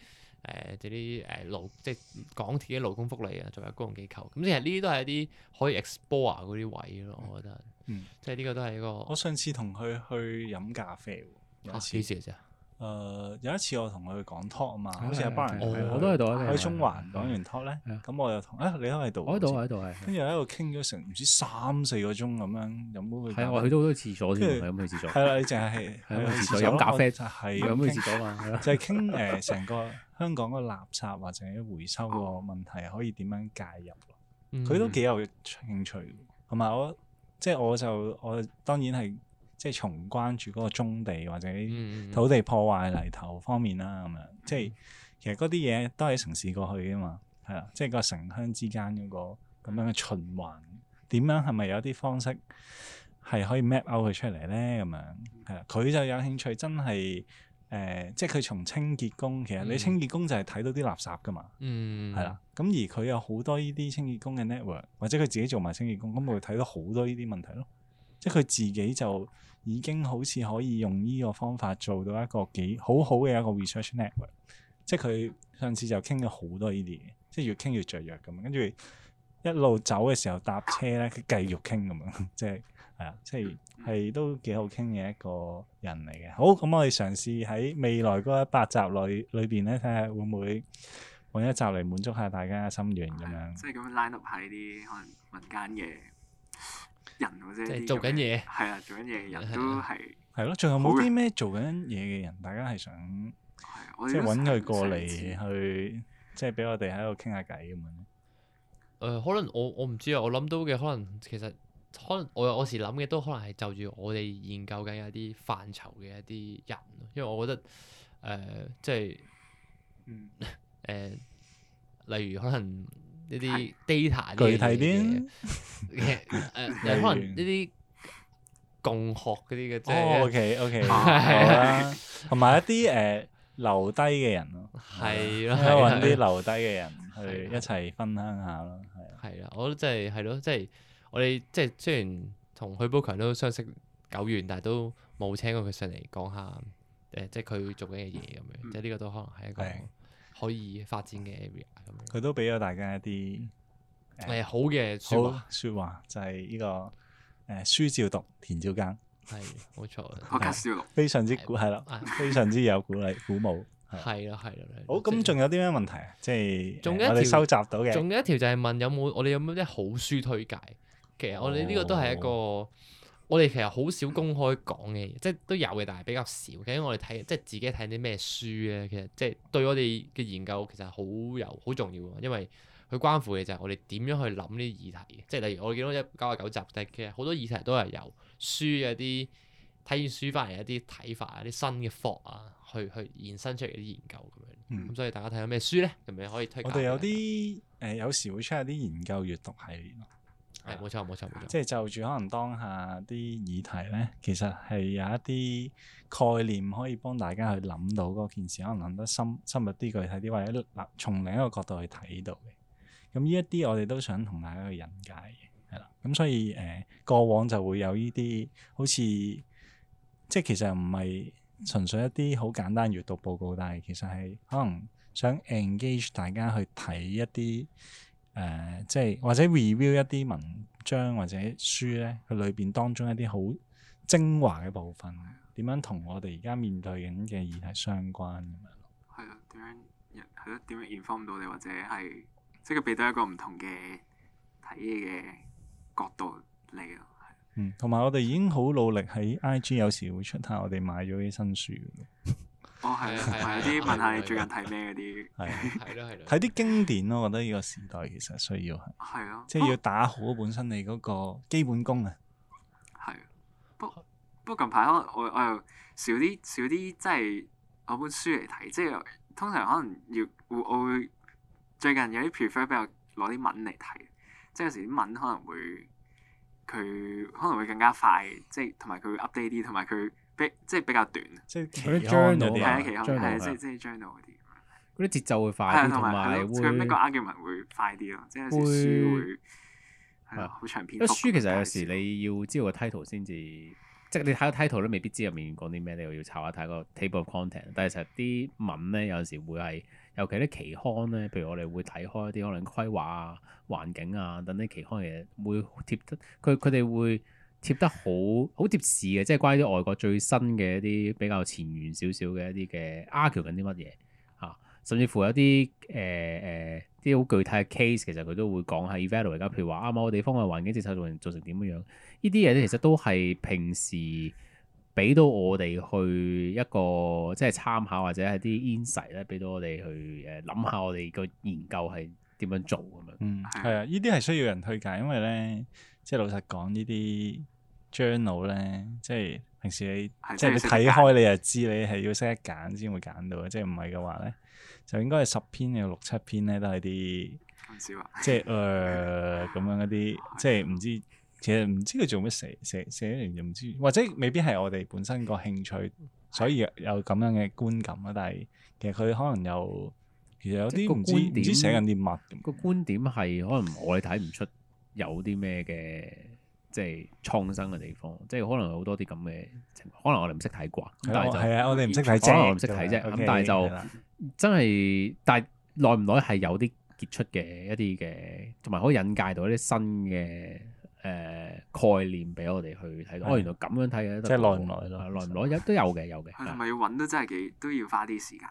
誒啲誒勞即係、呃、港鐵嘅勞工福利啊，作為公共機構，咁其實呢啲都係一啲可以 explore 嗰啲位咯，我覺得。嗯、即係呢個都係一個。我上次同佢去飲咖啡喎，幾時嚟？誒有一次我同佢講 talk 嘛，好似一班人我都喺度喺中環講完 talk 咧，咁我又同誒你都喺度？我喺度，喺度，喺。跟住喺度傾咗成唔知三四個鐘咁樣，有冇去？係我去咗好多廁所添，係咁去廁所。係啦，你淨係喺廁所飲咖啡，係冇去廁所嘛？係就係傾誒成個香港個垃圾或者回收個問題，可以點樣介入？佢都幾有興趣，同埋我即係我就我當然係。即係從關注嗰個中地或者土地破壞泥頭方面啦，咁、嗯、樣即係其實嗰啲嘢都係城市過去嘅嘛，係啦，即係個城鄉之間嗰個咁樣嘅循環，點樣係咪有啲方式係可以 map out 佢出嚟咧？咁樣係啊，佢就有興趣真係誒、呃，即係佢從清潔工，其實你清潔工就係睇到啲垃圾㗎嘛，嗯，係啦，咁而佢有好多呢啲清潔工嘅 network，或者佢自己做埋清潔工，咁佢會睇到好多呢啲問題咯，即係佢自己就。已經好似可以用呢個方法做到一個幾好好嘅一個 research network，即係佢上次就傾咗好多呢啲嘢，即係越傾越雀躍咁，跟住一路走嘅時候搭車咧，佢繼續傾咁樣，即係係啊，即係係都幾好傾嘅一個人嚟嘅。好，咁我哋嘗試喺未來嗰一百集內裏邊咧，睇下會唔會揾一集嚟滿足下大家嘅心願咁樣。即係咁拉入喺啲可能民間嘅。人即係做緊嘢，係啊，做緊嘢嘅人都係。係咯的，仲有冇啲咩做緊嘢嘅人，大家係想的即係揾佢過嚟去，即係俾我哋喺度傾下偈咁樣。誒、呃，可能我我唔知啊，我諗到嘅可能其實可能我我時諗嘅都可能係就住我哋研究緊一啲範疇嘅一啲人，因為我覺得誒、呃，即係嗯誒，例如可能。呢啲 data，具體啲嘅誒，可能呢啲共學嗰啲嘅，即係 OK OK，係啦，同埋一啲誒留低嘅人咯，係咯，揾啲留低嘅人去一齊分享下咯，係啊，係啦，我即係係咯，即係我哋即係雖然同許寶強都相識久遠，但係都冇請過佢上嚟講下誒，即係佢做緊嘅嘢咁樣，即係呢個都可能係一個。可以發展嘅 area 咁樣，佢都俾咗大家一啲誒、呃、好嘅説話，説話就係、是、呢、這個誒、呃、書照讀，田照耕，係冇錯， *laughs* 非常之鼓，係咯，非常之有鼓勵鼓舞，係咯係咯。好，咁仲有啲咩問題啊？即係仲有一條收集到嘅，仲有一條就係問有冇我哋有冇啲好書推介？其實我哋呢個都係一個。Oh. 我哋其實好少公開講嘅嘢，即係都有嘅，但係比較少。其實我哋睇即係自己睇啲咩書咧，其實即係對我哋嘅研究其實好有好重要嘅，因為佢關乎嘅就係我哋點樣去諗呢啲議題，即係例如我見到一九啊九集嘅，其實好多議題都係由書嘅啲睇完書翻嚟一啲睇法、一啲新嘅課啊，去去延伸出嚟啲研究咁樣。咁、嗯、所以大家睇下咩書咧？咁樣可以推介。我哋有啲誒樣、呃，有時會出下啲研究閱讀系列。係冇錯冇錯冇錯，錯 *noise* 即係就住可能當下啲議題咧，其實係有一啲概念可以幫大家去諗到嗰件事，可能諗得深深入啲、具體啲，或者嗱從另一個角度去睇到嘅。咁呢一啲我哋都想同大家去引解嘅，係啦。咁所以誒、呃，過往就會有呢啲好似即係其實唔係純粹一啲好簡單閱讀報告，但係其實係可能想 engage 大家去睇一啲。誒、呃，即係或者 review 一啲文章或者書咧，佢裏邊當中一啲好精華嘅部分，點樣同我哋而家面對緊嘅議題相關咁樣？係咯，點樣？係咯，點樣 inform 到你或者係，即係佢俾到一個唔同嘅睇嘢嘅角度嚟？嗯，同埋我哋已經好努力喺 IG 有時會出下我哋買咗啲新書。 *laughs* 哦，係，同埋有啲問下你最近睇咩嗰啲，係係咯係咯，睇啲 *laughs* 經典咯，我覺得呢個時代其實需要係，係咯的，即係要打好本身你嗰個基本功啊。係、哦，不不過近排可能我我，我又少啲少啲即係攞本書嚟睇，即係通常可能要我我會最近有啲 prefer 比較攞啲文嚟睇，即係有時啲文可能會佢可能會更加快，即係同埋佢 update 啲，同埋佢。即係比較短，即係啲 journal 啲，即係即係 journal 嗰啲嗰啲節奏會快啲，同埋你個 argument 會快啲咯，即係書會係啊，好會長篇幅。因為書其實有時你要知道個 title 先至， *laughs* 即係你睇個 title 都未必知入面講啲咩，你又要查下睇個 table of content。但係其實啲文咧有時會係，尤其啲期刊咧，譬如我哋會睇開一啲可能規劃啊、環境啊等等期刊嘅，會貼得佢佢哋會。貼得好好貼士嘅，即係關於外國最新嘅一啲比較前沿少少嘅一啲嘅，article 緊啲乜嘢啊，甚至乎有啲誒誒啲好具體嘅 case，其實佢都會講係 evaluate，譬如話啱啱某個地方嘅環境接政策做，做成點樣樣，呢啲嘢咧其實都係平時俾到我哋去一個即係參考或者係啲 insight 咧，俾到我哋去誒諗下我哋個研究係點樣做咁樣。嗯，係啊，呢啲係需要人推介，因為咧即係老實講呢啲。journal 咧，即係平時你的即係你睇開，你就知你係要識得揀先會揀到嘅，即係唔係嘅話咧，就應該係十篇有六七篇咧都係啲即係誒咁樣一啲，即係唔知其實唔知佢做咩寫寫寫完就唔知，或者未必係我哋本身個興趣，所以有咁樣嘅觀感啊。但係其實佢可能又其實有啲唔知唔知寫緊啲乜，個觀點係可能我哋睇唔出有啲咩嘅。 *laughs* 即係創新嘅地方，即係可能好多啲咁嘅情況，可能我哋唔識睇啩。係啊，我哋唔識睇，可能我唔識睇啫。咁但係就真係，但係耐唔耐係有啲傑出嘅一啲嘅，同埋可以引介到一啲新嘅誒概念俾我哋去睇到。我原來咁樣睇嘅，即係耐唔耐咯。耐唔耐有都有嘅，有嘅。係咪要揾都真係幾都要花啲時間？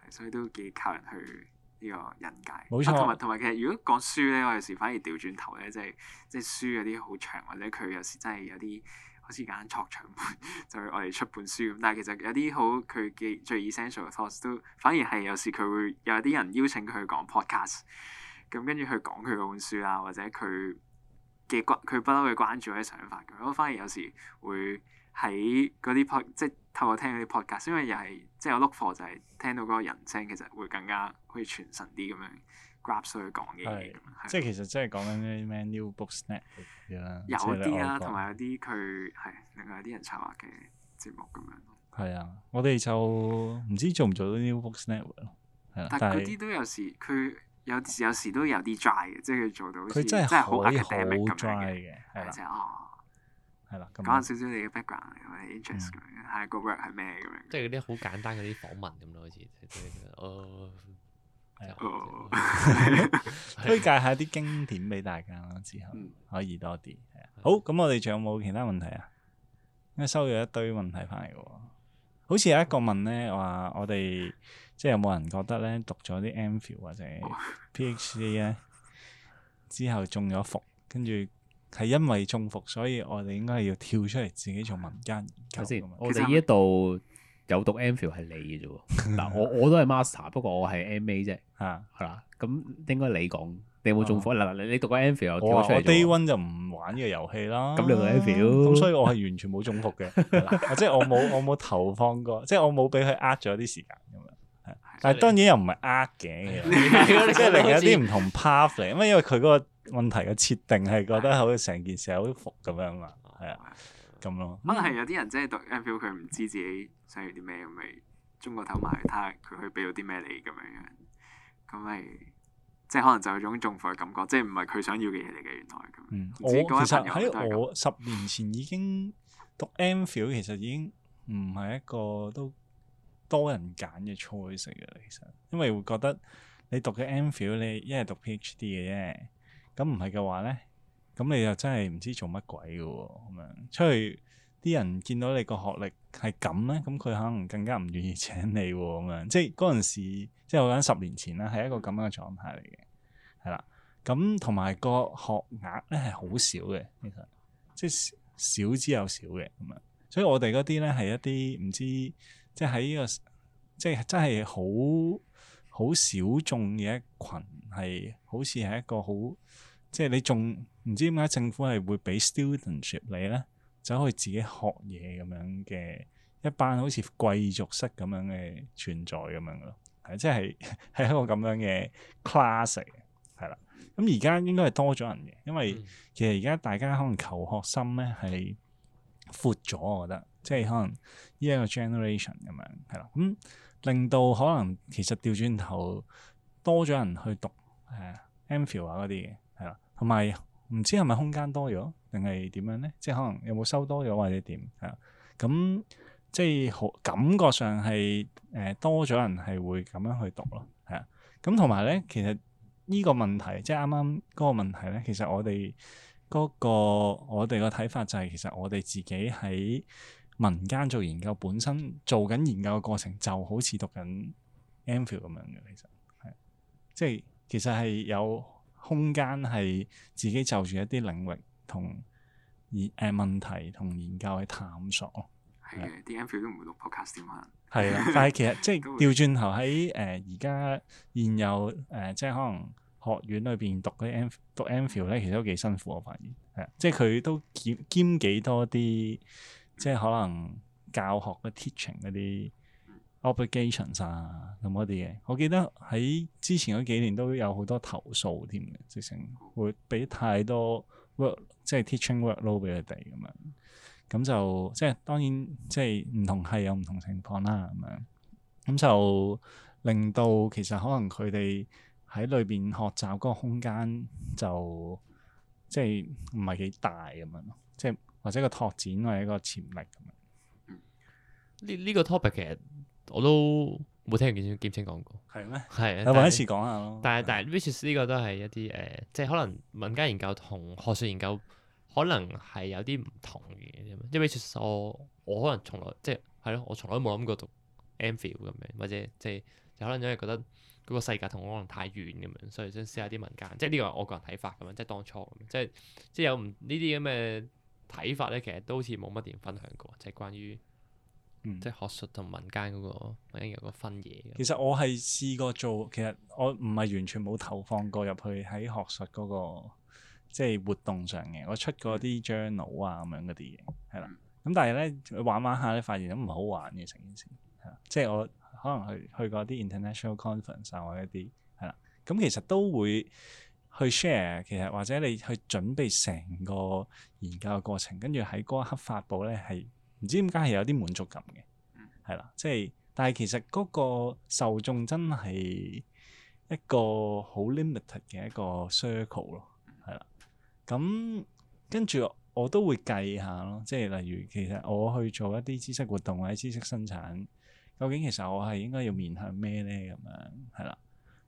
係，所以都幾靠人去。呢個人界冇錯，同埋同埋其實如果講書咧，我有時反而調轉頭咧，即係即係書有啲好長，或者佢有時真係有啲好似揀錯長本， *laughs* 就會我哋出本書。但係其實有啲好佢嘅最 essential 嘅 thoughts 都反而係有時佢會有啲人邀請佢去講 podcast，咁跟住去講佢嗰本書啊，或者佢嘅關佢不嬲嘅關注啲想法，咁我反而有時會。喺嗰啲 pod 即係透過聽嗰啲 podcast，因為又係即係我 look for 就係聽到嗰個人聲，其實會更加可以傳神啲咁樣 grab 所以講嘅嘢。即係其實真係講緊咩 new book snap 有啲啦、啊，同埋有啲佢係另外有啲人策劃嘅節目咁樣。係啊，我哋就唔知做唔做到 new book snap 但係嗰啲都有時佢有時有時都有啲 dry 嘅，即係做到好。佢真係真係好 dry 嘅，係啦。的講下少少你嘅 background，或者 interest 咁樣，個 work 係咩咁樣？即係嗰啲好簡單嗰啲訪問咁咯，好似 *laughs* 哦，哎、推介下啲經典俾大家咯，之後可以多啲。嗯啊、好，咁我哋仲有冇其他問題啊？因為收咗一堆問題翻嚟嘅，好似有一個問咧話，我哋即係有冇人覺得咧讀咗啲 MPhil 或者 PhD 咧之後中咗伏，跟住。係因為中伏，所以我哋應該係要跳出嚟自己做民間。我哋依度有讀 MPhil 係你啫喎。嗱，我我都係 master，不過我係 MA 啫。吓， *laughs* 係啦，咁應該你講，你有冇中伏？嗱嗱、啊，你讀過 MPhil，跳出嚟。我我 day one 就唔玩呢個遊戲啦。咁你 MPhil，咁 *laughs* 所以我係完全冇中伏嘅。 *laughs* 即係我冇我冇投放過，即係 *laughs* 我冇俾佢呃咗啲時間咁樣。但係當然又唔係呃嘅， *laughs* 即係另有啲唔同 path 嚟。咁啊，因為佢嗰個問題嘅設定係覺得好似成件事好伏咁樣嘛。係 *laughs* 啊，咁咯、嗯。可能係有啲人真係讀 M Phil 佢唔知自己想要啲咩，咁咪中個頭埋買佢，佢可以俾到啲咩你咁樣樣，咁咪即係可能就有一種中伏嘅感覺，即係唔係佢想要嘅嘢嚟嘅原來。 *laughs* 嗯，我其實喺我十年前已經讀 M Phil， *laughs* 其實已經唔係一個都多人揀嘅 choice 嘅，其實因為會覺得你讀嘅 MPhil，你一係讀 PhD 嘅啫。咁唔係嘅話咧，咁你又真係唔知做乜鬼嘅咁樣，出去啲人見到你個學歷係咁咧，咁佢可能更加唔願意請你咁樣。即係嗰陣時，即係我講十年前啦，係一個咁樣嘅狀態嚟嘅，係啦。咁同埋個學額咧係好少嘅，其實即係少之又少嘅咁樣。所以我哋嗰啲咧係一啲唔知。即係喺呢個，即係真係好好小眾嘅一群，係好似係一個好，即係你仲唔知點解政府係會俾 studentship 你咧，就可以自己學嘢咁樣嘅一班，好似貴族式咁樣嘅存在咁樣咯，係即係係一個咁樣嘅 class 嚟，係啦。咁而家應該係多咗人嘅，因為其實而家大家可能求學心咧係闊咗，我覺得。即係可能呢一個 generation 咁樣，係啦，咁、嗯、令到可能其實掉轉頭多咗人去讀誒 MPhil 啊嗰啲嘅，係啦，同埋唔知係咪空間多咗定係點樣咧？即係可能有冇收多咗或者點係啦，咁、嗯、即係好感覺上係誒、呃、多咗人係會咁樣去讀咯，係啊，咁同埋咧，其實呢個問題即係啱啱嗰個問題咧，其實我哋嗰個我哋個睇法就係、係、其實我哋自己喺。民間做研究本身做緊研究嘅過程，就好似讀緊 MPhil 咁樣嘅，其實係即係其實係有空間係自己就住一啲領域同研誒問題同研究去探索。係嘅，啲 MPhil 都唔會錄 podcast 添啊。係啊，但係其實即係調轉頭喺誒而家現在，現在有誒、呃，即係可能學院裏邊讀嗰啲 MPhil 讀 MPhil 咧，其實都幾辛苦。我發現係啊，即係佢都兼兼幾多啲。即係可能教學嘅 teaching 嗰啲 obligations 啊，咁嗰啲嘢，我記得喺之前嗰幾年都有好多投訴添嘅，直情會俾太多 work，即係 teaching work load 俾佢哋咁樣，咁就即係當然即係唔同係有唔同情況啦咁樣，咁就令到其實可能佢哋喺裏邊學習嗰個空間就即係唔係幾大咁樣咯，即係。或者個拓展或者個潛力咁樣，呢呢、嗯、個 topic 其實我都冇聽過劍青講過，係咩嗎？係第一次講下囉！但係但係 research 呢個都係一啲誒，即係可能民間研究同學術研究可能係有啲唔同嘅。因為 research 我我可能從來即係係咯，我從來都冇諗過讀 MPhil 咁樣，或者即係就係就係、可能因為覺得嗰個世界同我可能太遠咁樣，所以想試下啲民間。即係呢個係我個人睇法咁樣，即、就、係、是、當初即係即係有唔呢啲咁嘅。睇法咧，其實都好似冇乜點分享過，即係關於、嗯、即係學術同民間嗰、嗰個已經、嗯、有個分野嘅。其實我係試過做，其實我唔係完全冇投放過入去喺學術嗰、嗰個即係活動上嘅。我出過啲 journal 啊咁樣嗰啲嘢，係啦。咁但係咧玩玩下咧，發現都唔好玩嘅成件事。係啊，即係我可能去去過啲 international conference 啊或一啲係啦。咁其實都會。去 share 其實或者你去準備成個研究嘅過程，跟住喺嗰一刻發布咧，係唔知點解係有啲滿足感嘅，係啦。即係但係其實嗰個受眾真係一個好 limited 嘅一個 circle 咯，係啦。咁跟住我都會計下咯，即係例如其實我去做一啲知識活動或者知識生產，究竟其實我係應該要面向咩咧咁樣，係啦。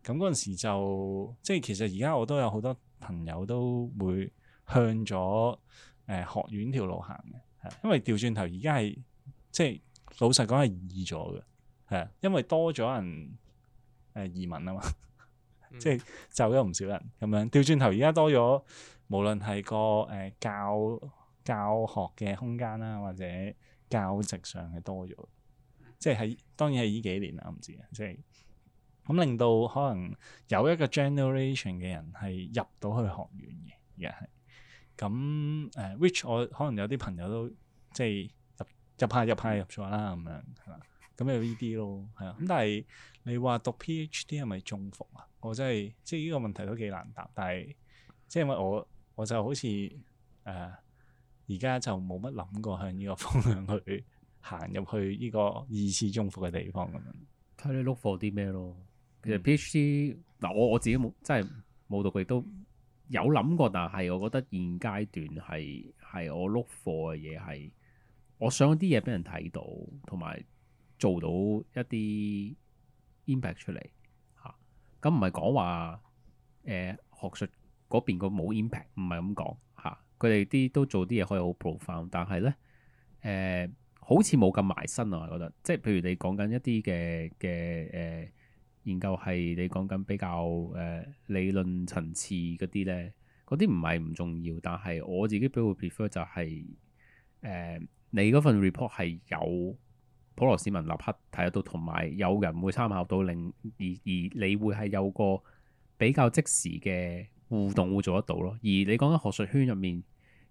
咁嗰陣時就即係其實而家我都有好多朋友都會向咗誒、呃、學院條路行嘅，係因為調轉頭而家係即係老實講係易咗嘅，係啊，因為多咗人誒、呃、移民啊嘛， *laughs* 即係就咗唔少人咁樣。調轉頭而家多咗，無論係個誒、呃、教教學嘅空間啦，或者教職上係多咗，即係喺當然係呢幾年啦，唔知啊，即係。咁、嗯、令到可能有一個 generation 嘅人係入到去學院嘅，而係咁誒，which 我可能有啲朋友都即係入入派入派入咗啦咁樣，係嘛？咁有呢啲咯，係啊。咁但係你話讀 PhD 係咪中伏啊？我真係，即係呢個問題都幾難答，但係即係因為我我就好似誒而家就冇乜諗過向呢個方向去行入去呢個二次中伏嘅地方咁樣。睇你 look for 啲咩咯？其實 PhD 嗱，我我自己冇真係冇讀，佢亦都有諗過，但係我覺得現階段係係我碌貨嘅嘢係我想啲嘢俾人睇到，同埋做到一啲 impact 出嚟嚇。咁唔係講話誒學術嗰邊個冇 impact，唔係咁講嚇。佢哋啲都做啲嘢可以、呃、好 profound，但係咧誒好似冇咁埋身啊，我覺得即係譬如你講緊一啲嘅嘅誒。研究係你講緊比較誒、呃、理論層次嗰啲咧，嗰啲唔係唔重要，但係我自己比較 prefer 就係、是、誒、呃、你嗰份 report 係有普羅市民立刻睇得到，同埋有，有人會參考到，令而而你會係有個比較即時嘅互動會做得到咯。而你講緊學術圈入面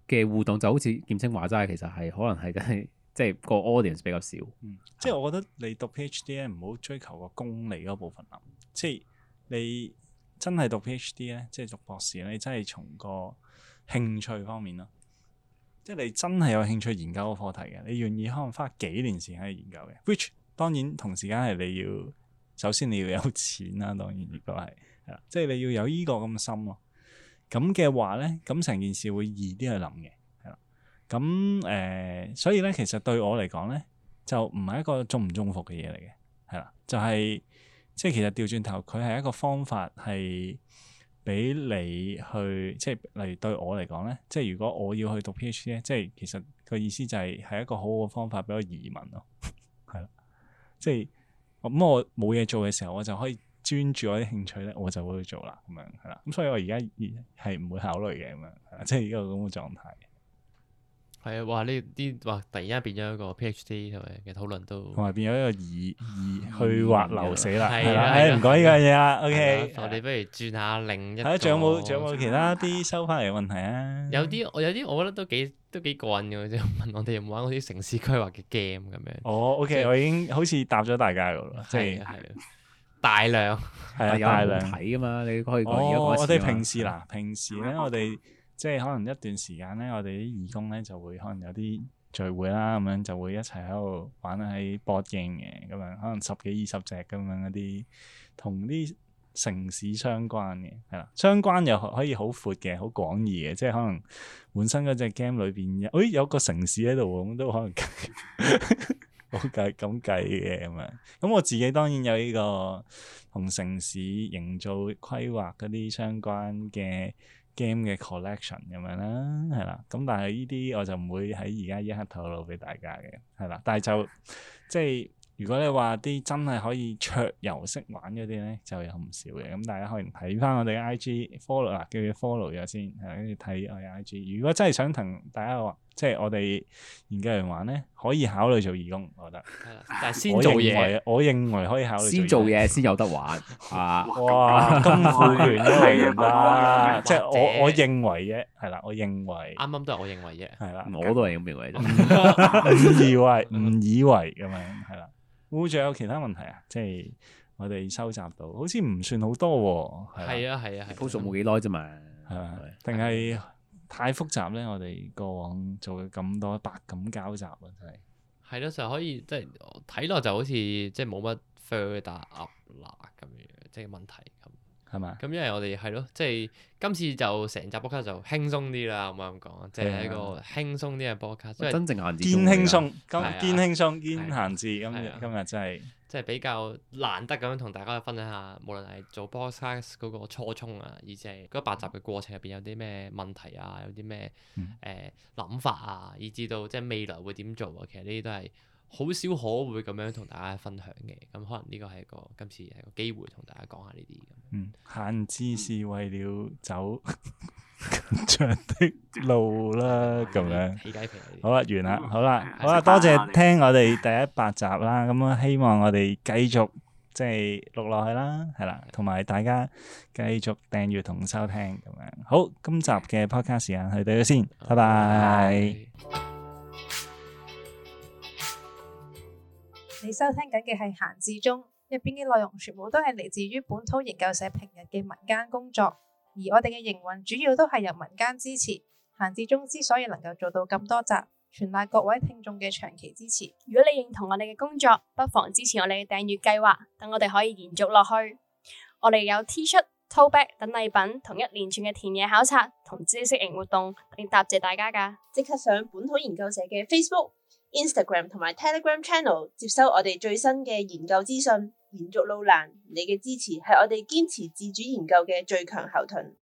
嘅互動，就好似劍青話齋，其實係可能係梗係。 *laughs* 即係個 audience 比較少，嗯，啊、即係我覺得你讀 PhD 咧，唔好追求個功利嗰部分諗，即係你真係讀 PhD 咧，即係讀博士咧，你真係從個興趣方面咯，即係你真係有興趣研究個課題嘅，你願意可能花幾年時間去研究嘅，which 當然同時間係你要首先你要有錢啦、啊，當然如果係，係啦， *laughs* 即係你要有依個咁嘅心咯，咁嘅話咧，咁成件事會易啲去諗嘅。咁誒、呃，所以咧，其實對我嚟講咧，就唔係一個中唔中伏嘅嘢嚟嘅，係啦，就係即係其實調轉頭，佢係一個方法，係俾你去，即係例如對我嚟講咧，即係如果我要去讀 PhD 咧，即係其實個意思就係、係、係一個好好嘅方法，俾我移民咯，係啦，即係咁我冇嘢做嘅時候，我就可以專注我啲興趣咧，我就會去做啦，咁樣係啦，咁所以我而家係唔會考慮嘅咁樣，即係依個咁嘅狀態。係啊！話，呢啲話，突然間變咗一個 PhD 係咪，嘅討論都同埋變咗一個疑疑去或留死啦，係啦！唔講呢個嘢啦。OK，我哋不如轉下另一個。係啊，仲有冇仲有冇其他啲收翻嚟嘅問題啊？有啲我有啲，我覺得都幾都幾過癮嘅，即係問我哋有冇玩嗰啲城市規劃嘅 game 咁樣。哦，OK，我已經好似答咗大家個咯，即係係大量係啊，大量睇啊嘛！你可以講如果我哋平時嗱，平時咧我哋。即係可能一段時間咧，我哋啲義工咧就會可能有啲聚會啦，咁樣就會一齊喺度玩 board game 嘅，咁樣可能十幾二十隻咁樣一啲同啲城市相關嘅，係啦，相關又可以好闊嘅，好廣義嘅，即係可能本身嗰隻 game 裏邊，誒、哎、有個城市喺度喎，咁都可能計，好計咁計嘅咁樣。咁我自己當然有呢個同城市營造規劃嗰啲相關嘅。game 嘅 collection 咁樣啦，係啦，咁但係呢啲我就唔會喺而家一刻透露俾大家嘅，係啦，但係就即係如果你話啲真係可以桌遊式玩嗰啲咧，就有唔少嘅，咁大家可以睇翻我哋嘅 IG follow 啦、啊，叫佢 follow 咗先，係跟住睇我嘅 IG。如果真係想同大家話，即係我哋研究人玩咧，可以考慮做義工，我覺得。係啦，但係先做嘢，我認為可以考慮。先做嘢先有得玩啊！ *laughs* 哇，金富聯都嚟啦！ *laughs* 嗯嗯嗯嗯、即係我我認為啫，係啦，我認為。啱啱都係我認為啫，係啦了。我都係咁認為啫，唔 *laughs* 以為，唔以為咁樣，係啦。仲有其他問題啊？即係我哋收集到，好似唔算好多喎。係啊，係啊 post 冇幾耐啫嘛，係咪？定係？太複雜咧！我哋過往做咁多，百感交集，啊，真係。係咯，就 *noise* 可以即係睇落就好似即係冇乜 feel，但係鴨肋咁樣，即係問題咁。係嘛？咁、 *noise* 嗯、因為我哋係咯，即係、就是、今次就成集 book 卡就輕鬆啲啦，可唔可以咁講？即係一個輕鬆啲嘅 book 卡。真正閒置堅輕鬆，今堅輕鬆堅閒置，今日的今日真係。即係、嗯嗯、比較難得咁樣同大家去分享下，無論係做 book 卡嗰個初衷啊，以至係嗰八集嘅過程入邊有啲咩問題啊，有啲咩誒諗法啊，以至到即係未來會點做啊，其實呢啲都係。好少可會咁樣同大家分享嘅，咁可能呢個係一個今次係個機會，同大家講下呢啲。嗯，閒置係為了走長 *laughs* 的路啦，咁、嗯、樣。起雞皮好完。好啦，完啦，嗯，好啦，好啦，多謝聽我哋第一百集啦，咁啊，希望我哋繼續即係錄落去啦，係啦，同埋大家繼續訂閱同收聽咁樣。好，今集嘅 podcast 時間係到呢度先，拜拜。嗯嗯你收聽緊嘅係閒置中，入邊嘅內容，全部都係嚟自於本土研究社平日嘅民間工作，而我哋嘅營運主要都係由民間支持。閒置中之所以能夠做到咁多集，全賴各位聽眾嘅長期支持。如果你認同我哋嘅工作，不妨支持我哋嘅訂閱計劃，等我哋可以延續落去。我哋有 T 恤、Tote Bag 等禮品，同一連串嘅田野考察同知識型活動嚟答謝大家噶。即刻上本土研究社嘅 Facebook。Instagram 同埋 Telegram Channel 接收我哋最新嘅研究資訊，延續路難，你嘅支持係我哋堅持自主研究嘅最強後盾。